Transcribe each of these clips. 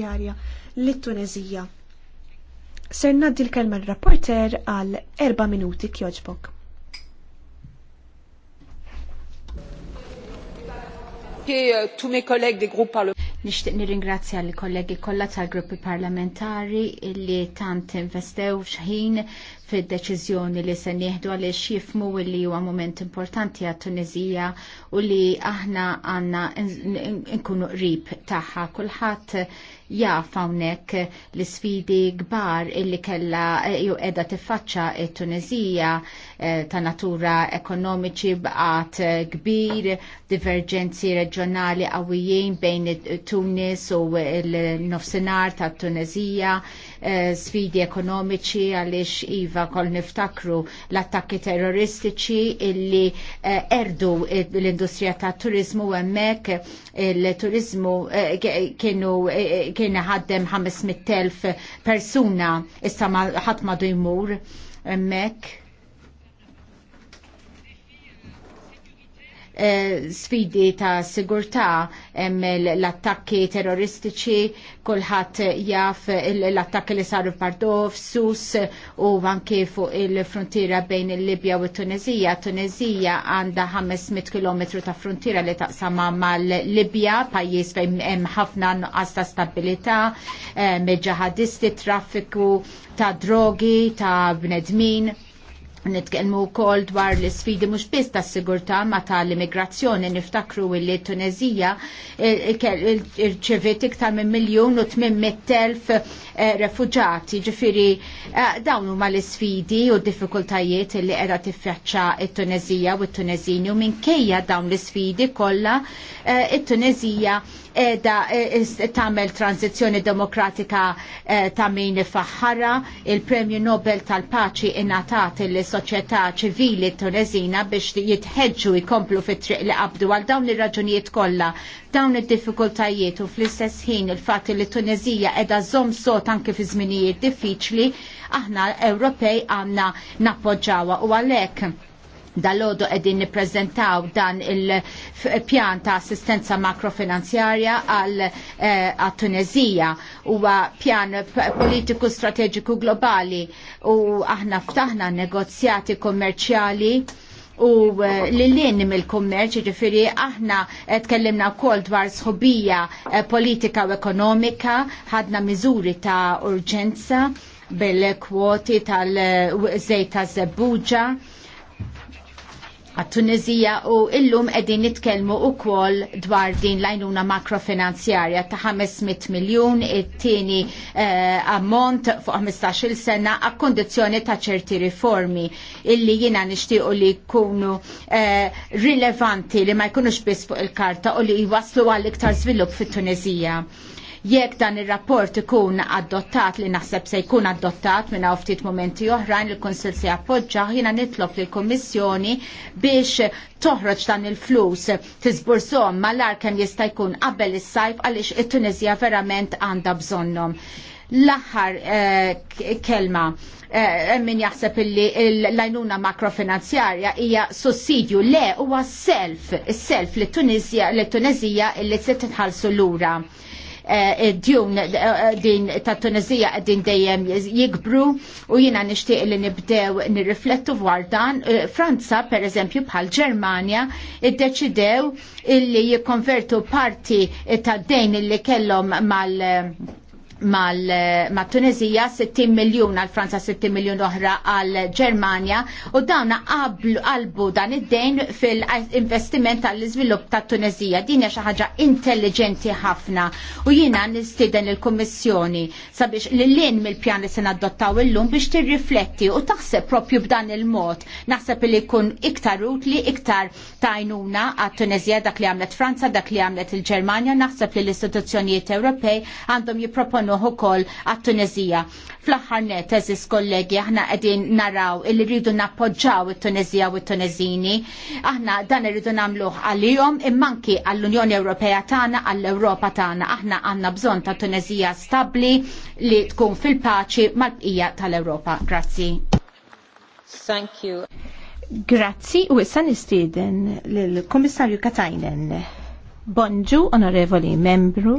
Jarja lit-Tunezija. Ser naddi l-kelma l-rapporter għal erba' minuti kjoġbok. Eh, Nixtieq nirringrazzja l kollegi kollha tal-gruppi parlamentari li tant investew xħin fid-deċiżjoni li se nieħdu għaliex jifmu li huwa moment importanti għat Tunizija u li aħna għandna nkunu qrib tagħha. Kulħadd jaf hawnhekk l-isfidi kbar illi kellha jew qiegħda tiffaċċa t-Tunizija eh, ta' natura ekonomiċi bqat kbir, diverġenzi reġjonali qawwijin bejn Tunis u l-nofsinhar tat Tunizija, eh, sfidi ekonomiċi għaliex iva meta kol niftakru l-attakki terroristiċi illi eh, erdu l-industrija tat turizmu hemmhekk il-turizmu eh, kienu eh, ħaddem 500,000 persuna issa ħadd dujmur jmur hemmhekk Eh, sfidi ta' sigurtà hemm l-attakki terroristiċi, kulħadd jaf l-attakki li saru f'Mardov, Sus u anke fuq il-frontiera bejn il-Libja u t-Tunezija. Tunezija għandha 500 km ta' frontiera li taqsama mal-Libja, pajjiż fejn hemm ħafna nuqqas ta' stabilità, eh, ġahadisti, traffiku ta' drogi, ta' bnedmin Nitkelmu kol dwar l sfidi mux biss ta' sigurta ma ta' l-immigrazzjoni niftakru li Tunezija eh, irċevet iktar minn miljon u tmim mittelf Eh, refugjati Ġifiri, eh, dawn huma l-isfidi u d-diffikultajiet li qiegħda tiffaċċa it-Tunezija u t-Tunezini u minkejja dawn l-isfidi kollha eh, it-Tunezija qiegħda tagħmel tranzizzjoni demokratika ta' min faħħara, il-Premju Nobel tal-Paċi ingħatat il-soċjetà ċivili Tunezina biex jitħeġġu jkomplu fit-triq li qabdu għal dawn ir-raġunijiet kollha, dawn id-diffikultajiet u fl-istess ħin il-fatt li t Tunezija qiegħda żomm sota anke fi żminijiet diffiċli aħna Ewropej għandna nappoġġawha u għalhekk dal-ħodu qegħdin nippreżentaw dan il-pjan ta' assistenza makrofinanzjarja għal eh, tunezija huwa pjan politiku strateġiku globali u aħna ftaħna negozjati kommerċjali u eh, l mill-kummerċ, ġifiri aħna eh, tkellimna wkoll dwar sħobija eh, politika u ekonomika, ħadna miżuri ta' urġenza bil-kwoti tal-żejt ta' għat-Tunizija u illum edin nitkelmu u kol dwar din lajnuna makrofinanzjarja ta' 500 miljon it-tieni eh, ammont fuq 15 il sena a kondizjoni ta' ċerti riformi illi jina nishtiqu li jkunu eh, rilevanti li ma jkunux biss fuq il-karta u li jwaslu għall iktar svilupp fit-Tunizija jekk dan ir-rapport ikun adottat li naħseb se jkun adottat minn hawn ftit momenti oħrajn il kunsill se jappoġġa jiena nitlob lill kummissjoni biex toħroġ dan il-flus tiżbursom malar kemm jista' jkun qabel is-sajf għaliex it-Tunisja verament għandha bżonnhom. L-aħħar eh, kelma eh, min jaħseb illi l-lajnuna makrofinanzjarja hija sussidju le huwa self, is-self li Tunisja li Tunisija li se titħallsu lura. Eh, djun eh, eh, din ta' Tunizija qegħdin dejjem jikbru u jiena nixtieq li nibdew nirriflettu dwar dan. Franza pereżempju bħal Ġermanja iddeċidew illi jikkonvertu parti tad dejn illi kellhom mal mal tunezija 60 miljon għal Franza 60 miljon oħra għal Ġermanja u dawna qalbu dan id-dejn fil-investiment għall iżvilupp ta' Tunezija. Din hija xi ħaġa intelligenti ħafna u jiena nistieden il-Kummissjoni sabiex li lin mill-pjan li se nadottaw illum biex tirrifletti u taħseb propju b'dan il-mod. Naħseb li jkun iktar utli, iktar tajnuna għat tunezija dak li għamlet Franza, dak li għamlet il-Ġermanja, naħseb li l-istituzzjonijiet Ewropej għandhom jipproponu nagħmluh ukoll għat-Tunezija. Fl-aħħar net, eżis kollegi, aħna qegħdin naraw illi rridu nappoġġaw it-Tunezija u t-Tunezini. Aħna dan irridu nagħmluh għalihom immanki għall-Unjoni Ewropea tagħna, għall-Ewropa tagħna. Aħna għandna bżonn ta' Tunezija stabbli li tkun fil-paċi mal-bqija tal-Ewropa. Grazzi. Thank you. Grazzi u issa nistieden lill-Kummissarju Katajnen. Bonġu, onorevoli membru,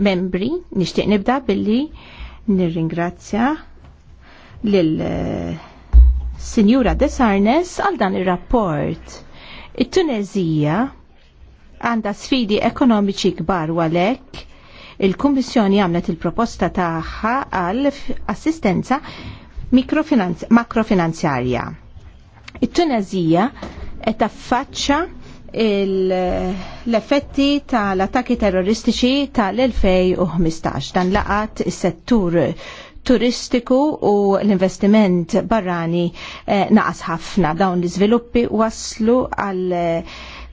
membri, nixtieq nibda billi nirringrazzja lil eh, De Sarnes għal dan ir-rapport. It-Tunezija għandha sfidi ekonomiċi kbar għalhekk il-Kummissjoni għamlet il-proposta tagħha għal assistenza makrofinanzjarja. It-Tunezija qed taffaċċa l-effetti tal-attakki terroristiċi tal-2015. Dan laqat is-settur turistiku u l-investiment barrani eh, naqas ħafna dawn l-iżviluppi waslu għal eh,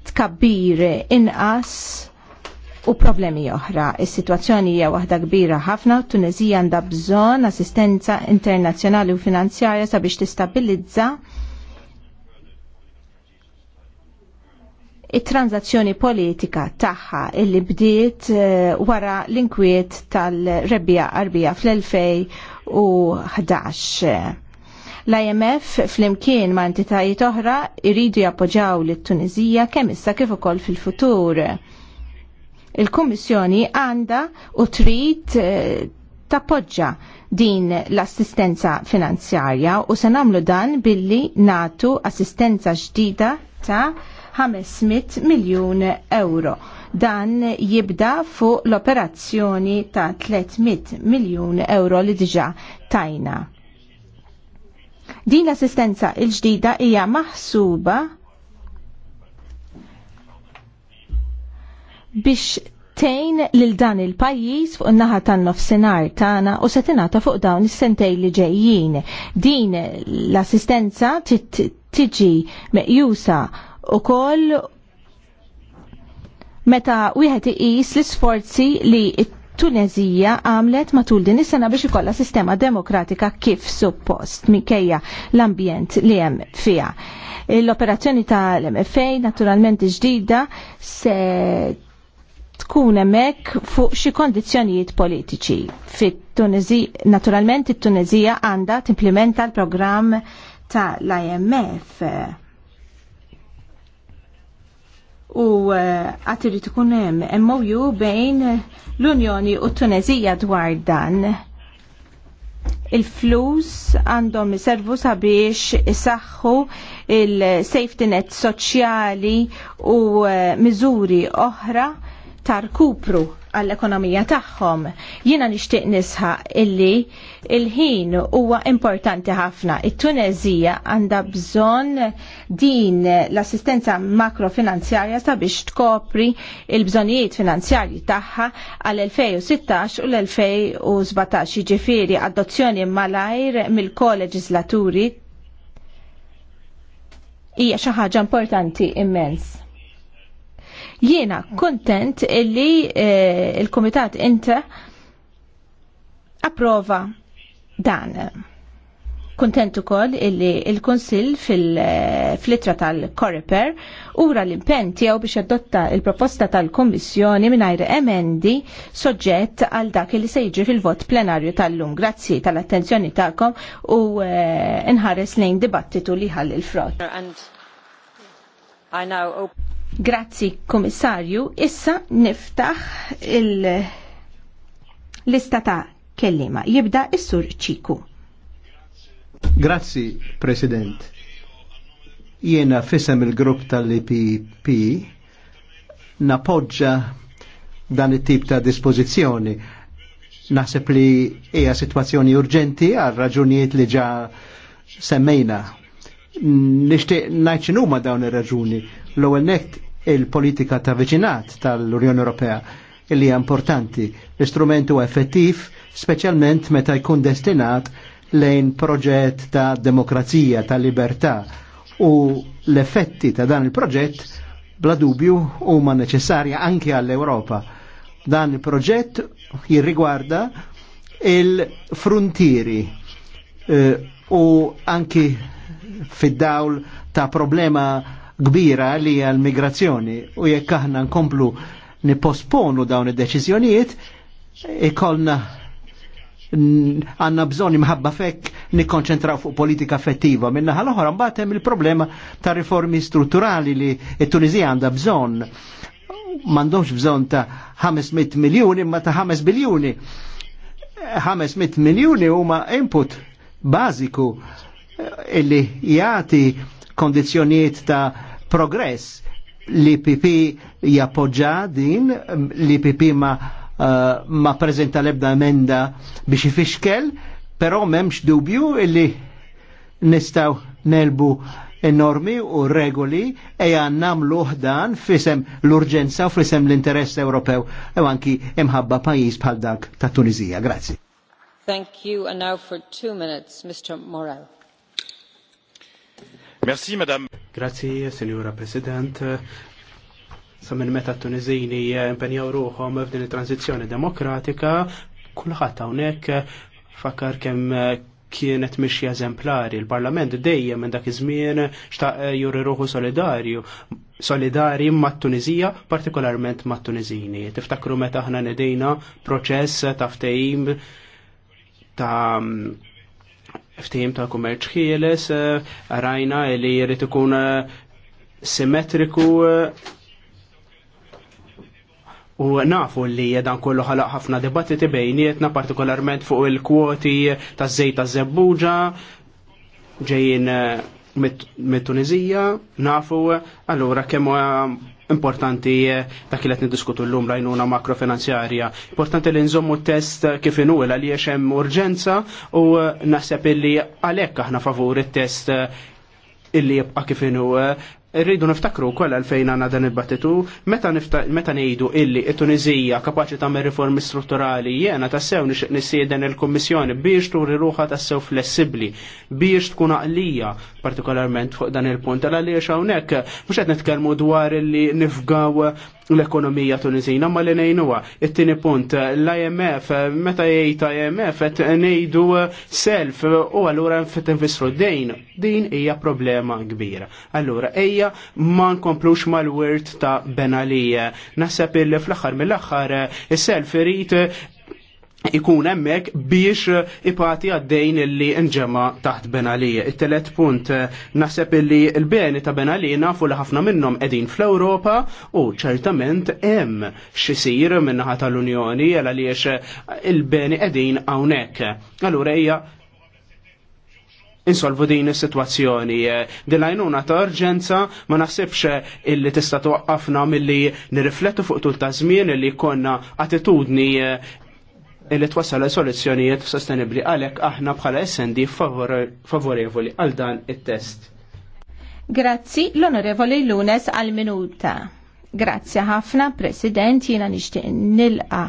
tkabbir inqas u problemi oħra. Is-sitwazzjoni hija waħda kbira ħafna u Tunezija għandha bżonn assistenza internazzjonali u finanzjarja sabiex tistabilizza it-tranzazzjoni politika tagħha illi bdiet eh, wara l-inkwiet tal-rebbija qarbija fl-2011. L-IMF flimkien ma' entitajiet oħra jridu jappoġġaw lit tunizija kemm issa kif ukoll fil-futur. Il-Kummissjoni għandha u trid eh, tappoġġa din l-assistenza finanzjarja u se nagħmlu dan billi natu assistenza ġdida ta' 500 miljun euro. Dan jibda fuq l-operazzjoni ta' 300 miljun euro li diġa tajna. Din l-assistenza il-ġdida hija maħsuba biex tejn lil dan il-pajjiż fuq naħa tan-nofsinhar tagħna u se tingħata fuq dawn is-sentej li ġejjin. Din l-assistenza tiġi meqjusa koll meta wieħed iqis l-isforzi li Tunezija għamlet matul din is-sena biex ikollha sistema demokratika kif suppost minkejja l-ambjent li hemm fiha. L-operazzjoni tal-MFA naturalment ġdida se tkun hemmhekk fuq xi kondizzjonijiet politiċi. Fit-Tunezija naturalment it-Tunezija għandha timplementa l-programm tal-IMF u eh, għatiri tkun hemm MOU bejn l-Unjoni u t-Tunezija dwar dan. Il-flus għandhom servu sabiex isaħħu il-safety net soċjali u eh, miżuri oħra tar kupru għall-ekonomija tagħhom. Jiena nixtieq nisħa illi il-ħin huwa importanti ħafna. It-Tunezija għandha bżonn din l-assistenza makrofinanzjarja sabiex tkopri il-bżonijiet finanzjarji tagħha għall 2016 u l-2017 jiġifieri adozzjoni malajr mill-koleġislaturi hija xi ħaġa importanti immens. Jiena kontent illi eh, il-Komitat Inta approva dan. Kontent ukoll illi il-Konsil fil-flittra eh, tal-Koreper ura l impenn tiegħu biex adotta il-proposta tal-Kommissjoni mingħajr emendi soġġett għal dak li se jiġri fil-vot plenarju tal-lum. Grazzi tal-attenzjoni tagħkom u eh, nħares lejn dibattitu li ħall il-frott. Grazzi komissarju, issa niftaħ il-lista ta' kellima. Jibda is-sur ċiku. Grazzi, President. Jiena fisem il-grupp tal-IPP napoġġa dan it-tip ta' dispożizzjoni. Naħseb li hija sitwazzjoni urġenti għal raġunijiet li ġa semmejna. Nixtieq ngħid x'inhuma dawn ir-raġuni. L-ewwel nekt il-politika ta' viċinat tal-Unjoni Ewropea li hija importanti. L-istrumentu effettiv, speċjalment meta jkun destinat lejn proġett ta' demokrazija, ta' libertà u l-effetti ta' dan il-proġett bla dubju huma neċessarja anke għall-Ewropa. Dan il-proġett jirrigwarda il-frontieri eh, u anki fid-dawl ta' problema kbira li hija l-migrazzjoni u jekk aħna nkomplu nipposponu dawn id-deċiżjonijiet ikollna għanna bżon imħabba fekk nikkonċentraw fuq politika effettiva. Minna ħal oħra mbagħad hemm il-problema ta' riformi strutturali li t-Tunizija għandha bżon. M'għandhomx bżon ta' 500 miljuni imma ta' 5 biljuni. 500 miljuni huma input bażiku illi jagħti kondizzjonijiet ta' progress. l pp jappoġġa din, l-IPP ma, uh, ma prezenta l-ebda emenda biex ifixkel, però memx dubju illi nistaw nelbu enormi u regoli eja namlu dan fisem l-urġenza u fisem l-interess Ewropew e anki imħabba pajis bħal dak ta' Tunizija. Grazie. Thank you and now for two minutes, Mr. Morel. Merci, madame. Grazie, signora President. Sa minn meta t-Tunizini eh, impenjaw ruħom f'din it-tranzizzjoni demokratika, kulħadd hawnhekk eh, fakar kemm eh, kienet mixja eżemplari. Il-Parlament dejjem minn dak iż-żmien xtaq juri ruħu solidarju solidari mat tunizija partikolarment mat tunizini Tiftakru meta aħna nedejna proċess ta' ftehim ta' ftehim ta' kummerċ ħieles, eh, rajna li jrid ikun eh, simmetriku eh, u nafu li dan kollu ħalaq ħafna dibattiti bejnietna, partikolarment fuq il-kwoti ta' żej ta' zebbuġa, ġejjin mit-Tunizija, nafu allura kemm importanti eh, dak li qed niddiskutu llum lajnuna makrofinanzjarja. Importanti li nżommu test kif inhu għaliex hemm urġenza u eh, naħseb illi għalhekk aħna favur it-test eh, illi jibqa' kif inhu Irridu niftakru kol għalfejn għandna dan il battitu meta ngħidu illi t-Tunizija kapaċi tagħmel riformi strutturali jiena tassew nixtieq nissieden il-Kummissjoni biex turi ruħha tassew flessibbli, biex tkun għalija partikolarment fuq dan il-punt għaliex hawnhekk mhux qed nitkellmu dwar illi nifgaw l-ekonomija tunizina ma li nejnuwa. It-tini punt, l-IMF, meta jgħid IMF, nejdu uh, self u għallura fit dejn. Din hija problema kbira. Allura, ejja ma nkomplux mal-wirt ta' Benalija. Nasab il fl-axar mill-axar, self irrit ikun hemmhekk biex eh, ipati għaddejn illi nġemma taħt Benalija. It-telet punt eh, naħseb illi l-beni ta' Benalija nafu li ħafna minnhom qegħdin fl-Ewropa u ċertament hemm xisir minnaħa tal-Unjoni għal għaliex eh, il-beni qegħdin hawnhekk. Allura hija insolvu din is-sitwazzjoni. Dilajnuna ta' urġenza ma nasibx illi tista' toqqafna milli nirriflettu fuq tul ta' żmien illi konna attitudni illi twassal soluzzjonijiet sostenibli għalhekk aħna bħala SND favorevoli għal dan it-test. Grazzi l-Onorevoli Lunes għal minuta. Grazzi ħafna, President, jiena nixtieq nilqa.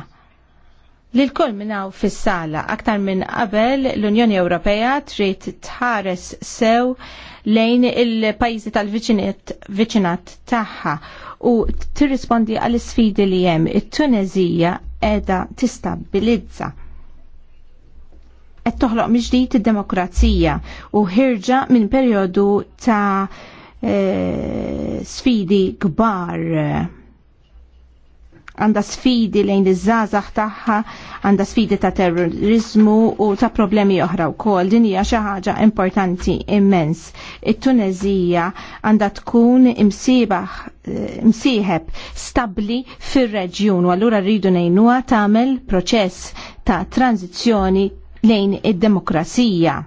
Lil kull minnaw fis-sala aktar minn qabel l-Unjoni Ewropea trid tħares sew lejn il-pajjiżi tal-viċinat tagħha u tirrispondi għall isfidi li hemm it-Tunezija edha tistabilizza Et toħloq miġdijt id-demokrazija u ħirġa minn perjodu ta' e, sfidi kbar għanda sfidi lejn iż-żazax tagħha, għanda sfidi ta' terrorizmu u ta' problemi oħra wkoll. Din hija xi ħaġa importanti immens. It-Tunezija għandha tkun imsibaħ eh, msieħeb stabbli fir-reġjun u allura rridu ngħinuha tagħmel proċess ta' tranzizzjoni lejn id-demokrazija.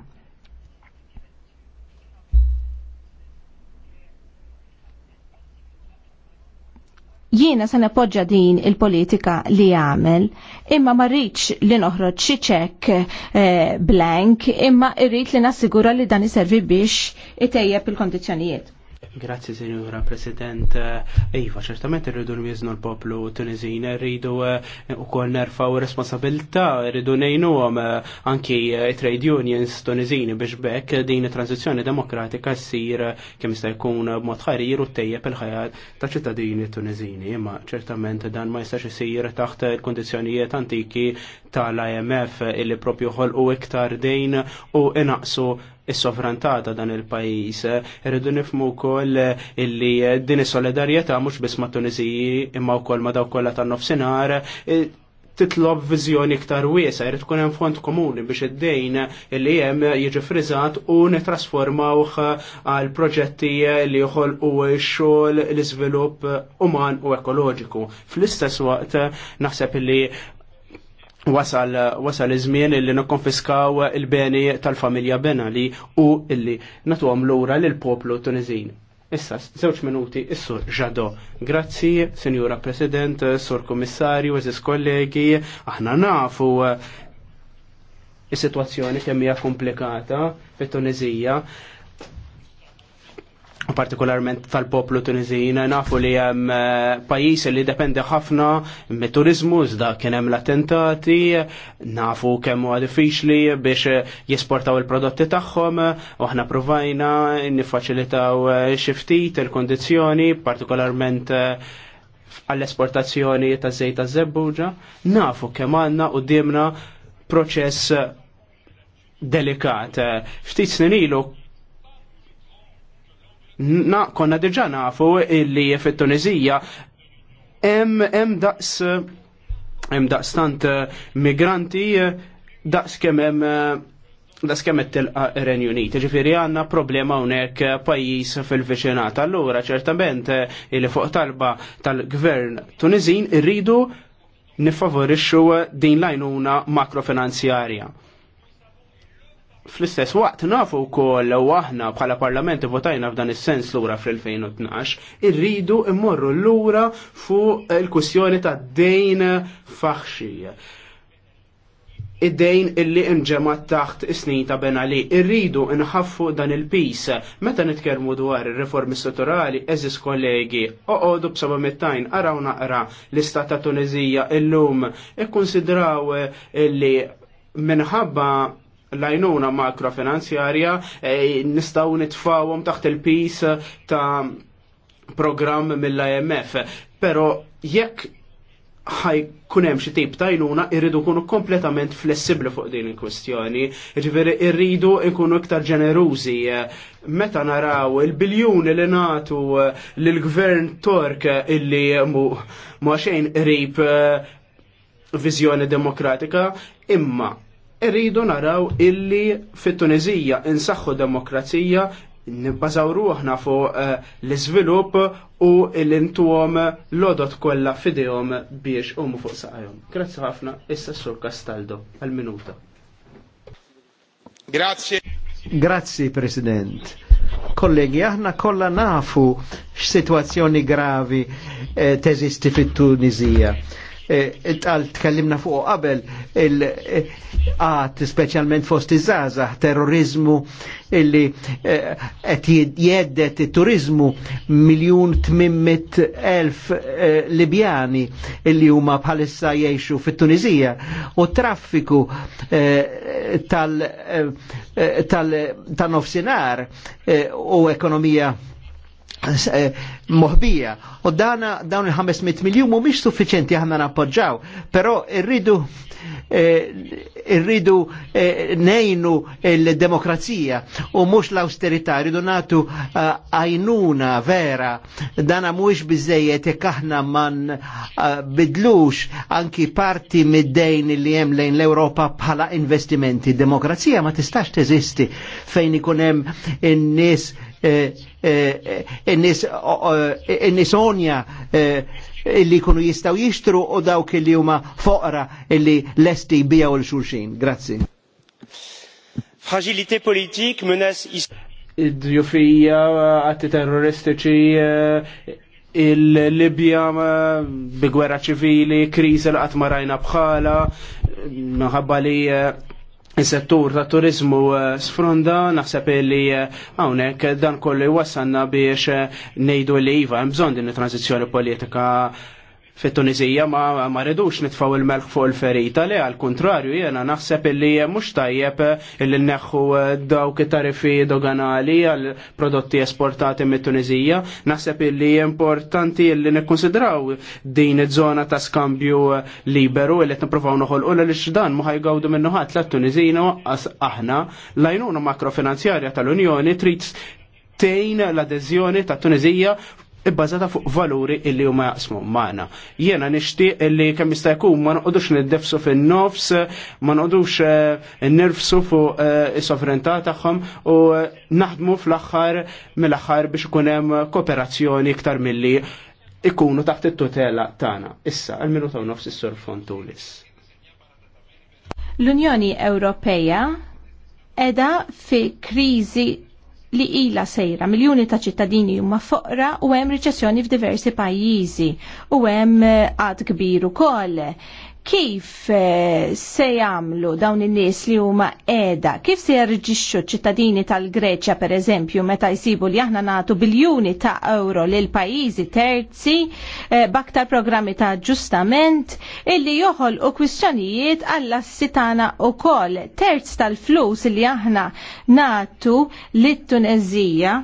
jiena se nepoġġa din il-politika li għamel, imma ma rridx li noħroġ xi ċekk eh, blank, imma rrid li nassigura li dan iservi biex itejjeb il-kondizzjonijiet. Grazzi, Signora President. Iva, ċertament irridu nwieznu l-poplu Tunizin, irridu eh, u kol nerfaw responsabilta, irridu nejnu eh, anki eh, trade unions tunizin biex bekk din transizjoni demokratika s-sir kemm jista' jkun mod ħarir u tejja il-ħajja ta' ċittadini Tunizini. Imma ċertament dan ma jistax s-sir taħt il-kondizzjonijiet antiki tal-IMF illi propju ħolqu iktar dejn u inaqsu is sovranta ta' dan il-pajjiż. Irridu nifmu wkoll illi din is-solidarjetà mhux biss ma' Tunisiji imma wkoll ma' dawk kollha tan-nofsinhar titlob viżjoni iktar wiesa, jrid tkun hemm fond komuni biex id-dejn illi hemm jiġi friżat u nitrasformawh għal proġetti li joħolqu x-xogħol l-iżvilupp uman u ekoloġiku. Fl-istess waqt naħseb li wasal wasal iż-żmien illi nikkonfiskaw il-beni tal-familja Benali u illi natuhom lura lil poplu Tunizin. Issa, żewġ minuti, is-sur ġado. Grazzi, Sinjura President, Sur Kommissarju, eżis kollegi, aħna nafu eh, is-sitwazzjoni kemm hija komplikata fit-Tunizija u partikolarment tal-poplu tunizin, nafu li hemm eh, pajis li dependi ħafna mit turizmu iżda kien hemm l-attentati, nafu kemm huwa diffiċli biex eh, jisportaw il-prodotti tagħhom u aħna provajna niffaċilitaw eh, xi ftit il-kondizzjoni, partikolarment għall-esportazzjoni ta' żejt ta' zebbuġa, nafu kemm għandna qudiemna proċess delikat. Ftit snin ilu Na, konna diġa nafu illi fit-Tunizija hemm hemm daqs hemm eh, migranti eh, daqs kemm hemm eh, daqs kemm qed tilqa' Renju Unit. Ġifieri għandna problema hawnhekk pajjiż fil-viċinat. Allura ċertament illi fuq talba tal-gvern Tuniżin irridu nifavorixxu din l-għajnuna makrofinanzjarja. Fl-istess waqt nafu wkoll u aħna bħala parlament votajna f'dan is-sens lura fl-2012, irridu immorru lura fuq il-kussjoni ta' dejn faħxi. Id-dejn illi inġemat taħt is-snin ta' Benali, irridu nħaffu dan il-pis. Meta nitkellmu dwar ir-riformi strutturali, eżis kollegi, oqogħdu b'saba mittajn araw naqra l-istat ta' Tunizija illum ikkonsidraw illi minħabba l-għajnuna makrofinanzjarja e, nistaw nitfawhom taħt il-pis ta' program mill-IMF. Pero jekk ħaj hemm xi tip ta'jnuna irridu jkunu kompletament flessibbli fuq din il-kwestjoni. ġveri irridu jkunu iktar ġenerużi. Meta naraw il-biljuni li natu lill-gvern Tork illi mu xejn qrib eh, viżjoni demokratika, imma Irridu naraw illi fit-Tunizija insaħħu demokrazija nibbażaw ruħna fuq eh, l-iżvilupp u l-intuhom l-odot kollha fidejhom biex huma fuq saqajhom. Grazzi ħafna issa sur Castaldo għal-minuta. Grazie. Grazzi President. Kollegi, aħna kollha nafu x'sitwazzjoni gravi eh, teżisti fit-Tunizija Eh, tal tkellimna fuq qabel il-qat eh, specialment fost iż-żaza, terrorizmu illi eh, qed jeddet turizmu miljun tmimmit elf Libjani illi huma bħalissa jgħixu fit-Tunizija u traffiku tal-nofsinar u ekonomija Eh, moħbija. U dana dawn il-500 miljon mhumiex suffiċenti aħna nappoġġaw, però irridu eh, irridu eh, nejnu l-demokrazija u mhux l-austerità, irridu natu għajnuna vera, dana mux biżejjed jekk aħna man bidlux anki parti mid li hemm lejn l-Ewropa bħala investimenti. Demokrazija ma tistax teżisti fejn ikun hemm in-nies n-nis onja eh, illi kunu jistaw jishtru u dawk illi huma foqra illi lesti u l xulxin Grazzi. Fragilité politique menace id-djufija għatti terroristiċi eh, il-Libja eh, bi gwerra ċivili, kriżi l qatmarajna bħala, minħabba li Is-settur ta' turizmu eh, sfronda naħseb li eh, hawnhekk dan kollu jwassanna biex eh, ngħidu li iva hemm bżonn din it-tranzizzjoni politika fit-Tunizija ma, ma redux nitfaw il-melk fuq il-ferita li għal kontrarju jena naħseb illi mux tajjeb eh, illi neħu eh, dawk tarifi doganali għal prodotti esportati mit tunizija naħseb illi importanti illi nikkonsidraw din iż-żona ta' skambju eh, liberu illi t-niprofaw noħol u l-xdan muħaj għawdu minnuħat la tunizina għas aħna lajnuna makrofinanzjarja tal-Unjoni trid tejn l-adeżjoni ta' Tunizija ibbażata fuq valuri illi huma jaqsmu magħna. Jiena nixtieq illi kemm jista' jkun ma noqogħdux niddefsu fin-nofs, ma noqogħdux eh, nirfsu fuq eh, is-sovranità tagħhom u eh, naħdmu fl-aħħar mill-aħħar biex ikun hemm kooperazzjoni iktar milli ikunu taħt it-tutela tagħna. Issa għal-minuta u nofs is-Sur Fontulis. L-Unjoni Ewropeja edha fi kriżi li ila sejra. Miljoni ta' ċittadini huma foqra u hemm riċessjoni f'diversi pajjiżi u hemm eh, għad kbir ukoll kif eh, se jagħmlu dawn in-nies li huma qiegħda, kif se jerġixxu ċittadini tal-Greċja pereżempju meta jsibu li aħna nagħtu biljuni ta' euro lil pajjiżi terzi eh, baktar programmi ta' ġustament illi joħol u kwistjonijiet għall tagħna wkoll terz tal-flus li aħna nagħtu lit-Tunezija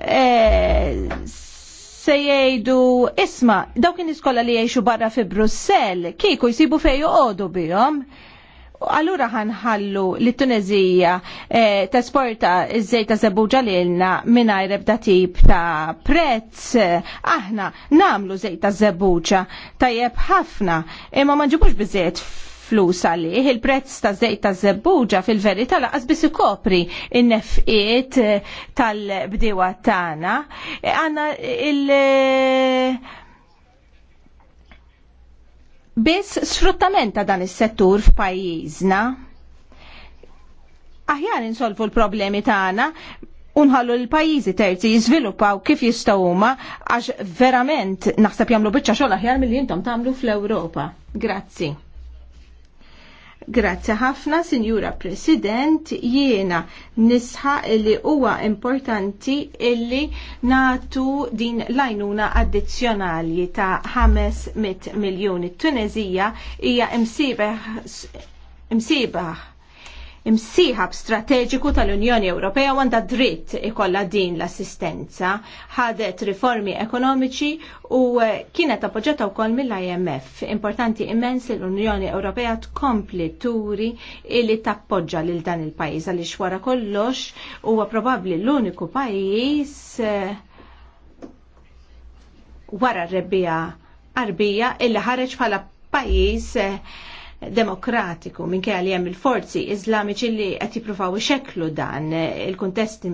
eh, se jgħidu isma, dawk in iskola li jgħixu barra fi Brussell, kieku jsibu fejn joqogħdu bihom. Allura ħanħallu li Tunezija eh, tasporta iż-żejt ta' zebuġa lilna mingħajr ebda tip ta' prezz. Aħna namlu żejta ta' zebuġa tajjeb ħafna, imma ma nġibux biżejt flus għalih, il-prezz ta' żejt ta' zebbuġa fil-verità laqas biss ikopri in-nefqiet eh, tal-bdiewa tagħna. Eh, għanna il- eh, biss sfruttament ta' dan is-settur f'pajjiżna. Aħjar insolvu l-problemi tagħna unħallu l-pajjiżi terzi jiżviluppaw kif jistgħu huma għax verament naħseb jagħmlu biċċa xogħol aħjar milli jintom tagħmlu fl-Ewropa. Grazzi. Grazzi ħafna, Sinjura President, jiena nisħa li huwa importanti illi natu din lajnuna addizzjonali ta' 500 miljoni. Tunezija hija imsibaħ imsibaħ Imsiħab strateġiku tal-Unjoni Ewropea għanda għandha dritt ikolla din l-assistenza, ħadet riformi ekonomiċi u eh, kienet appoġġata wkoll mill-IMF. Importanti immens l-Unjoni Ewropea tkompli turi illi tappoġġa lil dan il-pajjiż għaliex wara kollox huwa probabbli l-uniku pajjiż eh, wara r-rebbija arbija illi ħareġ bħala pajjiż eh, demokratiku minn kelli hemm il-forzi iżlamiċi li qed jippruvaw ixekklu dan il-kuntest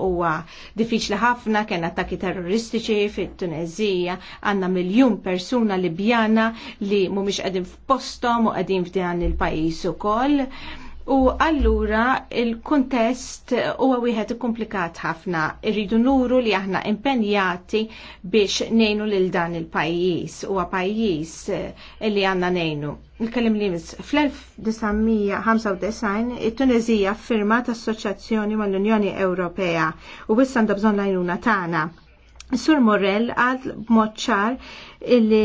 huwa diffiċli ħafna kien attakki terroristiċi fit-Tunezija għandna miljun persuna Libjana li mhumiex qegħdin f'postom u qegħdin f'dan il-pajjiż ukoll. U allura il-kontest huwa wieħed komplikat ħafna. Irridu nuru li aħna impenjati biex nejnu lil dan il-pajjiż huwa pajjiż li għandna nejnu. Nkellim li mis. Fl-1995 it-Tunezija firmat assoċjazzjoni mal-Unjoni Ewropea u issa għandha bżonn lajnuna tagħna. Sur Morell għad b'mod ċar illi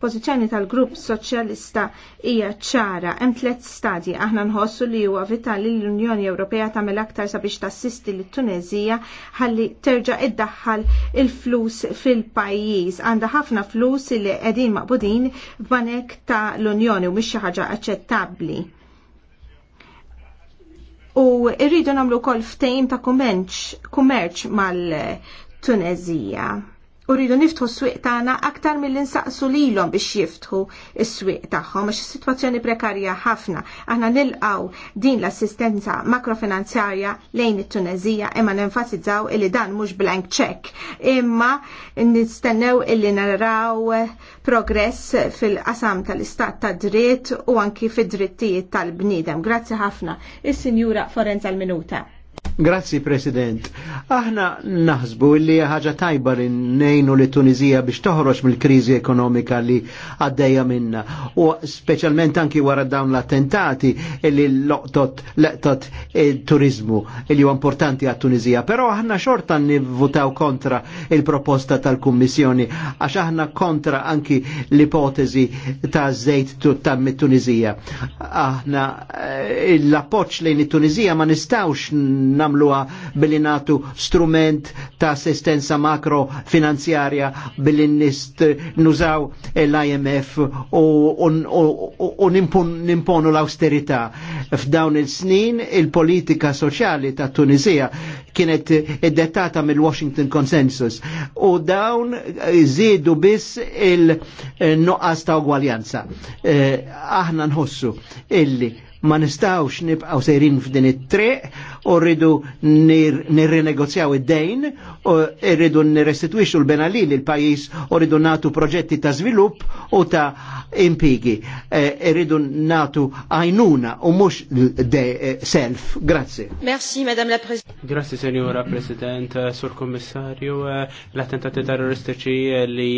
pożizzjoni tal-grupp soċjalista hija ċara hemm tliet stadji aħna nħossu li huwa vitali li l-Unjoni Ewropea tagħmel aktar sabiex tassisti lit tunezija ħalli terġa' iddaħħal il-flus fil-pajjiż. Għandha ħafna flus li qegħdin maqbudin f'banek ta' l-Unjoni u mhix xi ħaġa aċċettabbli. U rridu nagħmlu kol ftejm ta' kummerċ mal-Tunezija u rridu niftħu s-swieq tagħna aktar mill insaqsu lilhom biex jiftħu s-swieq tagħhom għax is-sitwazzjoni prekarja ħafna. Aħna nilqgħu din l-assistenza makrofinanzjarja lejn it-Tunezija imma nenfasizzaw illi dan mhux blank check imma nistennew illi naraw progress fil-qasam tal-istat ta' dritt u anki fid-drittijiet tal-bniedem. Grazzi ħafna. Is-Sinjura Forenza l-Minuta. Grazzi President. Aħna naħsbu li ħaġa tajba li nejnu li Tunizija biex toħroġ mill-kriżi ekonomika li għaddejja minna. U speċjalment anki wara dawn l-attentati li l-oqtot leqtot turizmu li huwa importanti għat Tunizija. Però aħna xorta nivvutaw kontra il-proposta tal-Kummissjoni għax aħna kontra anki l-ipotezi ta' żejt tuttam mit-Tunizija. Aħna eh, l-appoċ lejn it-Tunizija ma nistawx namluha billi natu strument ta' assistenza makro finanzjarja billi nist nużaw l-IMF u nimponu l-austerità. F'dawn il-snin il-politika soċjali ta' Tunisija kienet id-dettata mill-Washington Consensus u dawn zidu biss il-noqqas ta' ugwaljanza. Eh, aħna nħossu illi ma nistawx nibqaw sejrin f'din it-triq u rridu nirrenegozjaw id-dejn u rridu nirrestituixu l-benali l-pajis u rridu natu proġetti ta' svilupp u ta' impigi. Eh, rridu natu għajnuna u mux eh, self. Grazie. Merci, Madame la Presidente. Grazie, Senjora President, eh, Sur Kommissarju. L-attentati terroristiċi li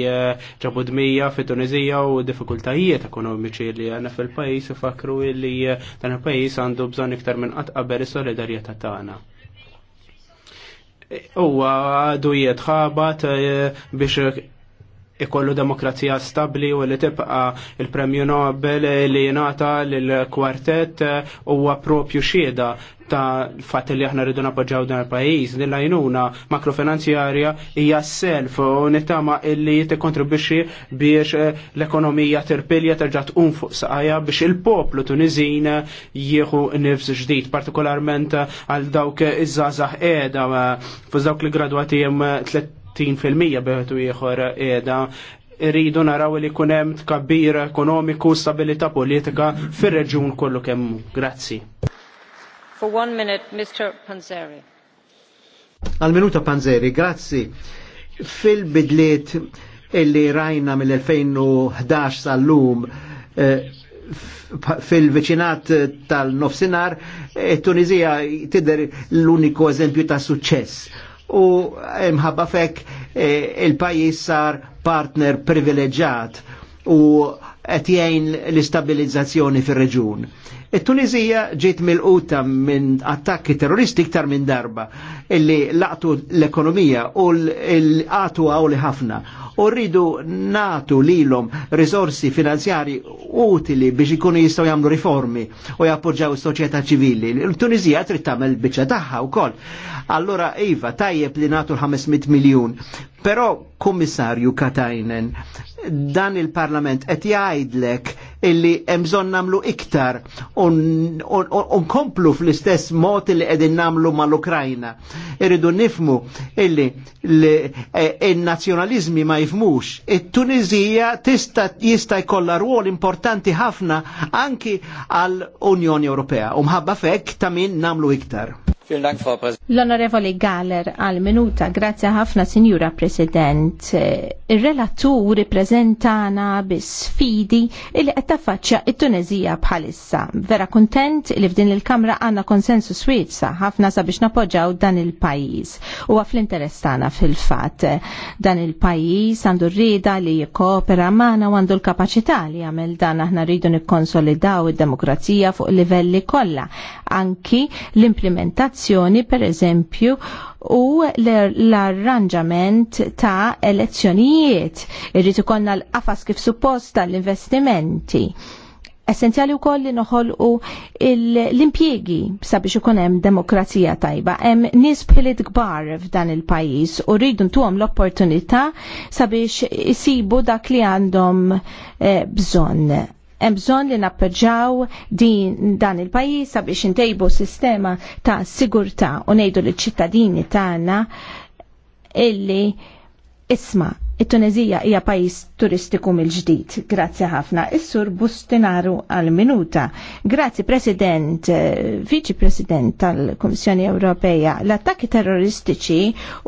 ġabu dmija fit tunizija u diffikultajiet ekonomiċi li għanna fil-pajis fakru li Dan il-pajjiż għandu bżonn iktar minn qatt qabel is-solidarjetà tagħna. E, Uwa għadu ħabat e, biex ikollu demokrazija stabli u li tibqa il-premju Nobel li jenata l-kwartet huwa għapropju xieda ta' fatt li aħna rridu napoġġaw dan il-pajjiż li lajnuna makrofinanzjarja hija self u nittama illi jitkontribwixxi biex l-ekonomija tirpilja terġa' tqum fuq saqajja biex il-poplu Tuniżin jieħu nifs ġdid, partikolarment għal dawk iż-żgħażagħ qiegħda fuq dawk li gradwati hemm fil-mija beħtu jieħor qiegħda rridu naraw li kun hemm tkabbir ekonomiku, stabilità politika fir-reġjun kollu kemm. Grazzi. For one minute, Mr. Panzeri. Għal minuta Panzeri, grazzi. Fil-bidliet illi rajna mill-2011 sal-lum fil-viċinat tal-nofsinar, Tunizija tidher l-uniku eżempju ta' suċċess u mħabba fekk e, il-pajis sar partner privileġġat u qed jgħin l-istabilizzazzjoni fir-reġun. It-Tunizija ġiet milquta minn attakki terroristi iktar minn darba illi laqtu l-ekonomija u l-qatu għawli ħafna u rridu natu lilhom risorsi finanzjari utili biex ikunu jistgħu jagħmlu riformi u jappoġġaw is-soċjetà ċivili. Il-Tunizija trid tagħmel biċċa tagħha wkoll. Allora iva tajjeb li natu 500 miljun Però, kummissarju Katajnen, dan il-parlament qed jgħidlek illi emżon bżonn nagħmlu iktar komplu fl-istess mod li qegħdin nagħmlu mal-Ukrajna. Irridu nifmu illi eh, il nazjonalizmi ma jifmux. It-Tunizija tista' jista' jkollha rwol importanti ħafna anki għall-Unjoni Ewropea. U mħabba fek ta' min nagħmlu iktar. L-Onorevoli Galler għal minuta, grazzi ħafna Sinjura President. Ir-relatur prezentana bi sfidi li qed taffaċċja it-Tunezija bħalissa. Vera kuntent li f'din il-Kamra għandna konsensu Swizza ħafna sabiex napoġġaw dan il-pajjiż. Huwa fl-interess tagħna fil-fatt. Dan il-pajjiż għandu rrieda li jikkopera magħna u għandu l-kapaċità li jagħmel dan aħna rridu nikkonsolidaw id-demokrazija fuq livelli kollha, anki l-implementazzjoni elezzjoni per eżempju u l-arranġament ta' elezzjonijiet. Irrid ikollna l-qafas kif suppost tal-investimenti. Essenzjali wkoll li noħolqu l-impjiegi sabiex ikun hemm demokrazija tajba. Hemm nies bħilit kbar f'dan il-pajjiż u rridu ntuhom l-opportunità sabiex isibu dak li għandhom eh, bżonn hemm bżonn li nappoġġjaw din dan il-pajjiż sabiex intejbu sistema ta' sigurtà u ngħidu l ċittadini tagħna illi isma' It-Tunezija hija pajis turistiku mill-ġdid. Grazzi ħafna. Is-sur Bustinaru għal-minuta. Grazzi President, eh, Viċi President tal-Kummissjoni Ewropea. L-attakki terroristiċi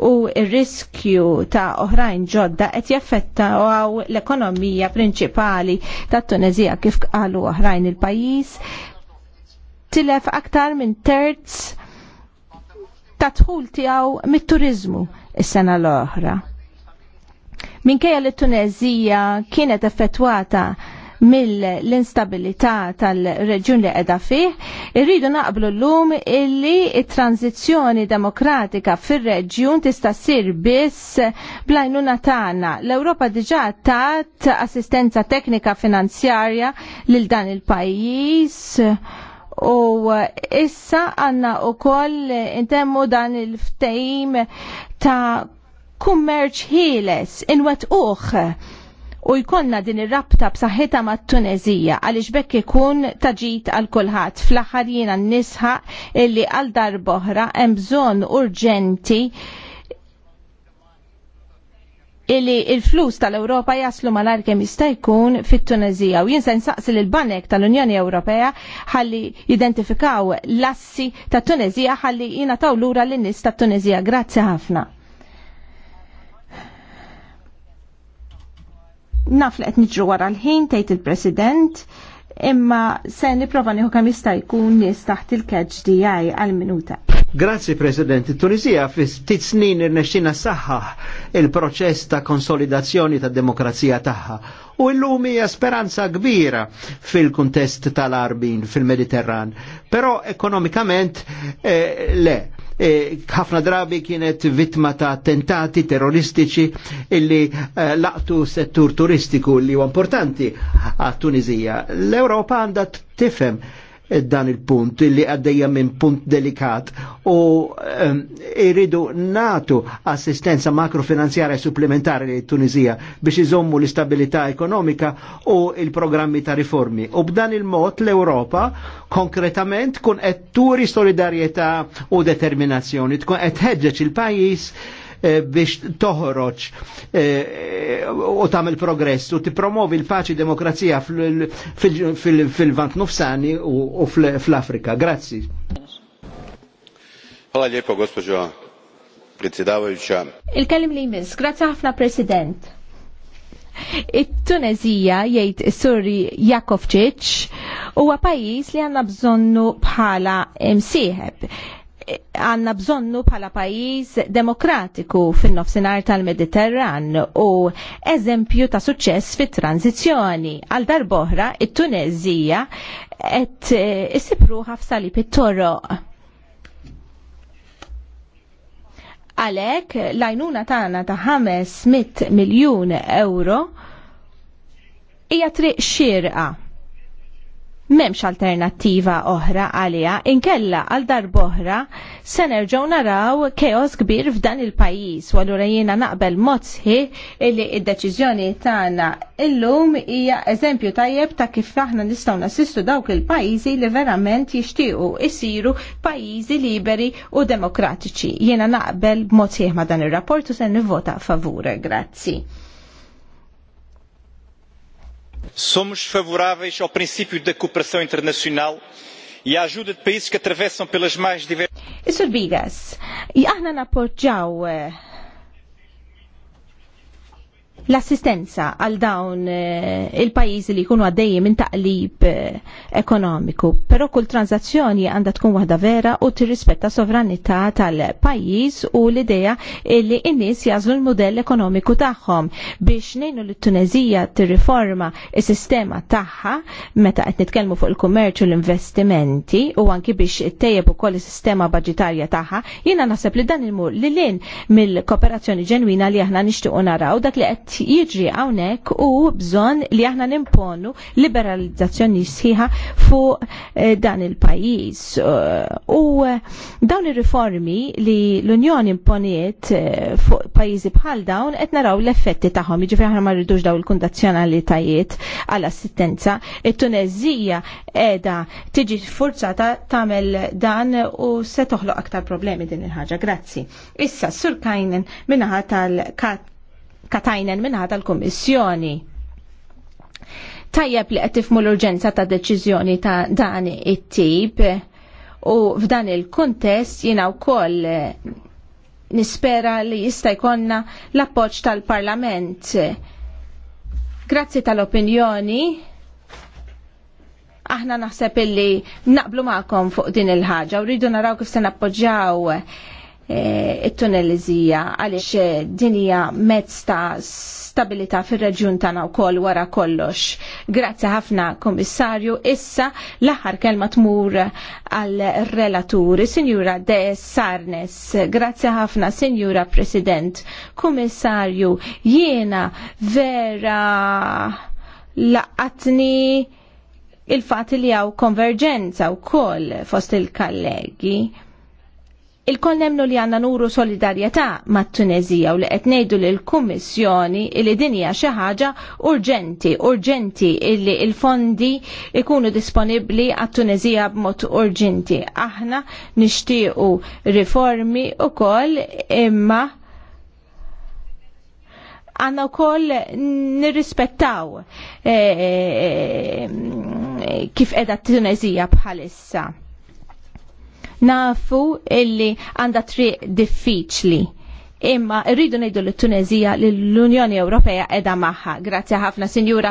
u r-riskju ta' oħrajn ġodda qed jaffettaw l-ekonomija prinċipali tat-Tunezija kif qalu oħrajn il-pajjiż. Tilef aktar minn terz ta' tħul tiegħu mit-turizmu is-sena l-oħra Minkejja li Tunezija kienet effettwata mill-instabilità tal-reġjun li qiegħda fih, irridu naqblu llum illi t-tranzizzjoni demokratika fir-reġjun tista' ssir biss bl-għajnuna tagħna. L-Ewropa diġà tat assistenza teknika finanzjarja lil dan il-pajjiż u issa għanna u koll intemmu dan il-ftejim ta' kummerċ ħieles inwet uħ u jkollna din ir-rabta b'saħħitha mat-Tunezija għaliex bekk ikun taġit għal kulħadd fl-aħħar jiena nisħa illi għal darb'oħra hemm bżonn urġenti illi il-flus tal-Ewropa jaslu malar kemm jista' jkun fit-Tunezija u jinsa nsaqsi l banek tal-Unjoni Ewropea ħalli jidentifikaw l-assi tat-Tunezija ħalli jingħataw lura lin-nies tat-Tunezija. Grazzi ħafna. naf li qed niġru wara l-ħin tgħid il-President imma se nipprova nieħu kemm jista' jkun nies taħt il-catch DI għal minuta. Grazzi President, Tunisija fi ftit snin irnexxina saħħaħ il-proċess ta' konsolidazzjoni tad demokrazija tagħha u illum hija speranza kbira fil-kuntest tal-arbin fil-Mediterran. Però ekonomikament eh, le E, ħafna e, drabi kienet vittma ta' attentati terroristiċi illi eh, laqtu settur turistiku li huwa importanti għat Tunizija. L-Ewropa għandha tifhem dan il-punt li għaddejja minn punt delikat u ehm, irridu natu assistenza makrofinanzjarja e supplementari li Tunizija biex iżommu l-istabilità ekonomika u il-programmi ta' riformi. U b'dan il-mod l-Europa konkretament kun etturi solidarieta u determinazzjoni, tkun etħedġeċ il pajis Eh, biex toħroġ eh, u tagħmel progress u tippromovi l-paċi demokrazija fil-vant nofsani u fl-Afrika. Grazzi. Hvala lijepo, gospođo predsjedavajuća. Il-kelim li jmiss, grazzi ħafna president. It-Tunezija jgħid Suri Jakovčić huwa pajjiż li għandna bżonnu bħala msieħeb għanna bżonnu bħala pajjiż demokratiku fin-nofsinhar tal-Mediterran u eżempju ta' suċċess fit-tranzizzjoni. Għal darboħra it-Tunezija qed eh, issibru f'salib it-torroq. Għalhekk l-għajnuna tagħna ta' 500 miljun euro hija triq xirqa' memx alternativa oħra għalija, inkella għal darboħra se nerġgħu naraw keos kbir f'dan il-pajjiż u għallura jiena naqbel mozzi illi id-deċiżjoni tagħna illum hija eżempju tajjeb ta' kif aħna nistgħu nassistu dawk il-pajjiżi li verament jixtiequ isiru pajjiżi liberi u demokratiċi. Jiena naqbel mozzi ma' dan ir-rapport u se nivvota favur. Grazzi. Somos favoráveis ao princípio da cooperação internacional e à ajuda de países que atravessam pelas mais diversas. Bigas, e aħna l-assistenza għal dawn eh, il-pajjiżi li jkunu għaddejjin minn taqlib eh, ekonomiku. Però kull tranzazzjoni għandha tkun waħda vera u tirrispetta sovranità tal-pajjiż u l-idea li n-nies jażlu l-modell ekonomiku tagħhom biex ngħinu li tunezija tirriforma s sistema tagħha meta qed nitkellmu fuq il-kummerċ u l-investimenti u anki biex ittejjeb ukoll is-sistema budġetarja tagħha, jiena naħseb li dan il imur lil mill-kooperazzjoni ġenwina li aħna nixtiequ naraw dak li qed jiġri hawnhekk u bżonn li aħna nimponu liberalizzazzjoni sħiħa fuq eh, dan il-pajjiż. Eh, u eh, dawn ir-riformi li l-Unjoni imponiet fuq pajjiżi bħal dawn qed naraw l-effetti tagħhom, jiġifieri aħna ma rridux daw il-kundazzjonalitajiet għall-assistenza. it tunezija qiegħda tiġi forzata tagħmel dan u se toħloq aktar problemi din il-ħaġa. Grazzi. Issa, Sur Kajnen minnaħa tal-kat katajnen ħata l komissjoni Tajjeb li qed tifmu l-urġenza ta' deċiżjoni ta' dan it-tip u f'dan il-kontest jina wkoll eh, nispera li jista' jkollna l-appoġġ tal-Parlament. Grazzi tal-opinjoni. Aħna naħseb illi naqblu magħkom fuq din il-ħaġa u rridu naraw kif se nappoġġjaw E, it tunnelizija għaliex e, dinija mezz ta' stabilità fir-reġjun tagħna wkoll wara kollox. Grazzi ħafna komissarju, Issa l-aħħar kelma tmur għal relaturi Sinjura De Sarnes. Grazzi ħafna Sinjura President. Kummissarju, jiena vera laqatni il-fat li għaw konverġenza u koll fost il-kallegi Il-koll nemnu li għanna nuru solidarjetà mat tunezija u li qed ngħidu l kummissjoni li din hija xi ħaġa urġenti, urġenti illi il-fondi ikunu disponibbli għat tunezija b'mod urġenti. Aħna nixtiequ riformi koll imma għanna u koll nirrispettaw eh, eh, kif edha t-Tunezija bħalissa nafu illi għandha triq diffiċli. Imma rridu ngħidu lit tunezija l-Unjoni Ewropea qiegħda magħha. Grazzi ħafna, Sinjura